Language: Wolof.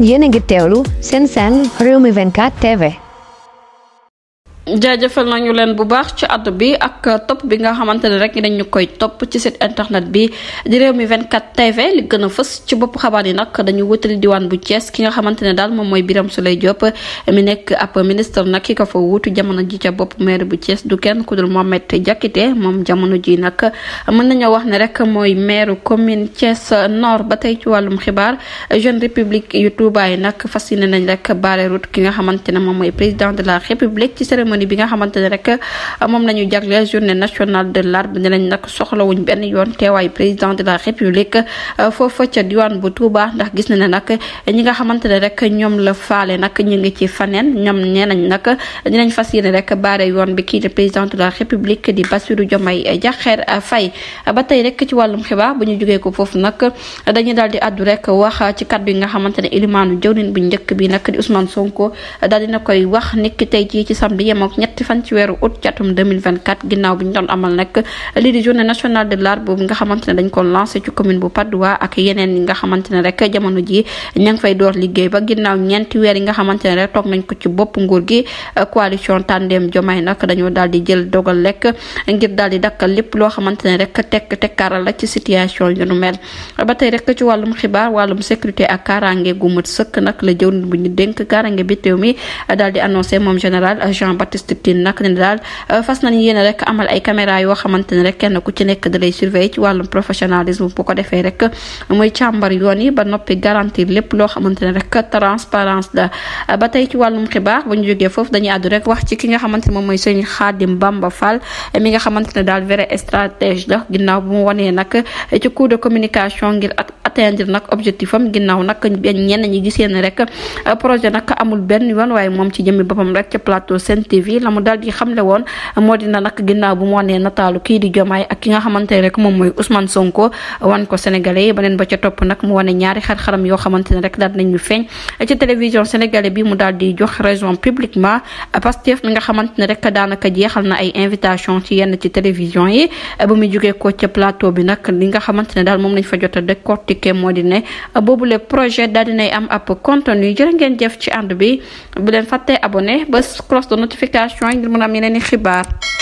Jene get sen sen, Rumi Venkat TV. jaajëfal nañu leen bu baax ci àddu bi ak topp bi nga xamante ne rek dañu koy topp ci site internet bi di réew mi 24 TV li gën a fës ci bopp xabaar yi nag dañu wutali diwaan bu cees ki nga xamante ne daal moom mooy Birame Souleye Diop mi nekk ab ministre nag ki ko fa wuutu jamono ji ca bopp maire bu cees du kenn ku dul Mohamed Diakité moom jamono ji nag mën nañoo wax ne rek mooy maire commune Thiès Nord ba tey ci wàllum xibaar Jeune République yu Touba yi nag fas yéene nañ rek bare route ki nga xamante ne moom mooy président de la bi nga xamantene rek euh, mom lañu jaglé journée nationale de l'arbre dinañ nak soxla wuñ ben yoon téway président de la république euh, fofu ca diwan bu touba ndax gis na nak ñi nga xamantene rek ñom la faalé nak ñi ngi ci fanen ñom nenañ nak dinañ fasiyene rek baré yoon bi ki président de la république di Bassirou Diomaye jaxer fay ba tay rek ci walum bu ñu joggé ko fofu nak dañu daldi addu rek wax ci kat bi nga xamantene ilimanu jëwnin bu ñëk bi nak di Ousmane Sonko daldi nakoy wax nek tay ci ci samedi yema ak ñetti fan ci wéru août ci atum 2024 ginnaw bi ñu doon amal nak li di journée nationale de l'art bobu nga xamantene dañ ko lancer ci commune bu Padoua ak yenen yi nga xamantene rek jamono ji ñang fay door liggéey ba ginnaw ñenti weer yi nga xamantene rek tok nañ ko ci bop nguur gi coalition tandem jomay nak dañu daal di jël dogal lek ngir daal di dakkal lépp loo xamante ne rek tek tekkaaral la ci situation yu nu mel ba tey rek ci walum xibaar walum sécurité ak kaaraange gu mat sëkk nag la jëwnu bu ñu denk kaaraange bi teew mi daal di annoncé moom général Jean Baptiste artiste Tine nag ne daal euh, fas nañ yéen rek amal ay caméra yoo xamante rek kenn ku ci nekk da lay surveiller ci wàllum professionnalisme bu defee rek muy càmbar yoon yi ba noppi garantir lépp loo xamante rek transparence la ba ci wàllum xibaar bu ñu jógee foofu dañuy àddu rek wax ci ki nga xamante ne moom mooy sëñ Xaadim Bamba Fall mi nga xamante ne daal vrai stratège la ginnaaw bu mu wanee nag ci cours de communication ngir atteindre nag objectif am ñi gisee rek projet nag amul benn yoon TV la mu dal di xamle woon moo dina nag ginnaaw bu mu wanee nataalu kii di Jomaay ak ki nga xamante ne rek moom mooy Ousmane Sonko a ko sénégalais yi beneen ba ca topp nag mu wane ñaari xar-xaram yoo xamante ne rek daal nañu feeñ ci télévision sénégalais bi mu daal di jox raison publiquement Pastef mi nga xamante ne rek daanaka jeexal na ay invitation ci yenn ci télévision yi bu muy jógee ko ca plateau bi nag li nga xamante ne daal moom lañ fa jot a décortiquer moo di ne boobule projet daal dinay am ab contenu jërë ngeen jëf ci ànd bi bu leen fàttee abonné ihtiyaç duyan 20 lira nihibar.